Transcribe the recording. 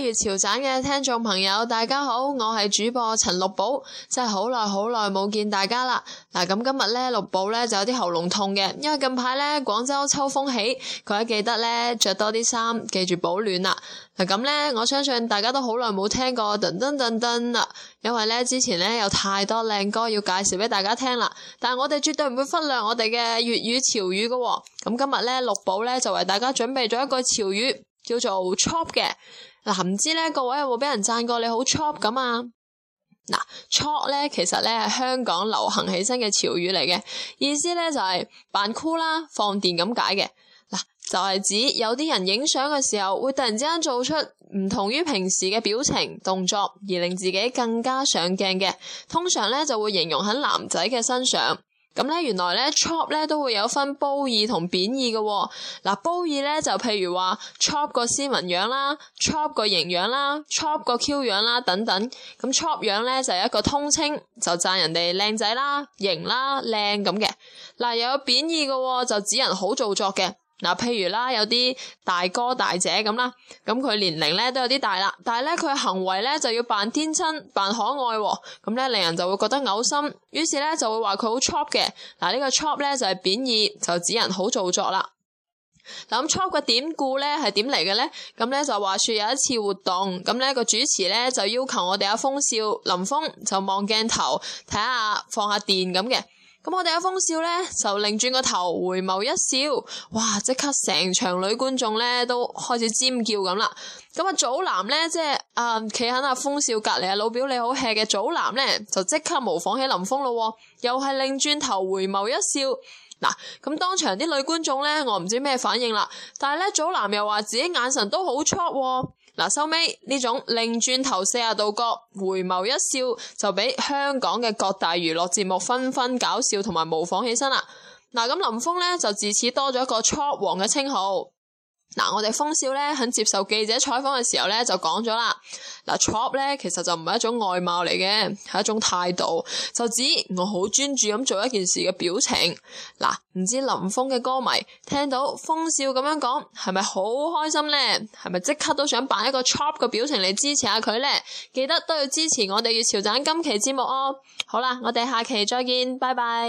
粵潮盞嘅聽眾朋友，大家好，我係主播陳六寶，真係好耐好耐冇見大家啦。嗱，咁今日咧六寶咧就有啲喉嚨痛嘅，因為近排咧廣州秋風起，各位記得咧着多啲衫，記住保暖啦。嗱，咁咧我相信大家都好耐冇聽過噔噔噔噔啦，因為咧之前咧有太多靚歌要介紹俾大家聽啦，但係我哋絕對唔會忽略我哋嘅粵語潮語嘅。咁今日咧六寶咧就為大家準備咗一個潮語，叫做 Chok 嘅。嗱，唔、啊、知呢各位有冇俾人讚過？你好 chok 噶啊！嗱、啊，chok 咧，其實咧係香港流行起身嘅潮語嚟嘅，意思咧就係、是、扮酷啦、放電咁解嘅。嗱、啊，就係、是、指有啲人影相嘅時候，會突然之間做出唔同於平時嘅表情動作，而令自己更加上鏡嘅。通常咧就會形容喺男仔嘅身上。咁咧，原來咧，chok 咧都會有分褒義同貶義嘅喎。嗱，褒義咧就譬如話，chok 個斯文樣啦，chok 個型樣啦，chok 個 Q 樣啦等等。咁 chok 樣咧就係一個通稱，就讚人哋靚仔啦、型啦、靚咁嘅。嗱，又有貶義嘅喎、哦，就指人好做作嘅。嗱，譬如啦，有啲大哥大姐咁啦，咁佢年齡咧都有啲大啦，但係咧佢行為咧就要扮天真、扮可愛，咁咧令人就會覺得嘔心，於是咧就會話佢好 chok 嘅。嗱，呢個 chok 咧就係貶義，就指人好做作啦。嗱，咁 chok 嘅典故咧係點嚟嘅咧？咁咧就話說有一次活動，咁、那、咧個主持咧就要求我哋阿峰少林峰就望鏡頭睇下放下電咁嘅。咁我哋阿峰少咧就擰轉個頭，回眸一笑，哇！即刻成場女觀眾咧都開始尖叫咁啦。咁啊，祖藍咧即係啊，企喺阿峰少隔籬啊，老表你好吃嘅祖藍咧就即刻模仿起林峰咯、哦，又係擰轉，轉頭回眸一笑嗱。咁、啊、當場啲女觀眾咧我唔知咩反應啦，但係咧祖藍又話自己眼神都好 chok 收尾呢種，擰轉頭四十度角，回眸一笑就俾香港嘅各大娛樂節目紛紛搞笑同埋模仿起身啦。嗱咁林峯咧就自此多咗一個 Chok 王嘅稱號。嗱，我哋峰少咧喺接受記者採訪嘅時候咧就講咗啦，嗱，Chok 咧其實就唔係一種外貌嚟嘅，係一種態度，就指我好專注咁做一件事嘅表情。嗱，唔知林峰嘅歌迷聽到峰少咁樣講，係咪好開心呢？係咪即刻都想扮一個 Chok 嘅表情嚟支持下佢呢？記得都要支持我哋嘅「潮站」今期節目哦。好啦，我哋下期再見，拜拜。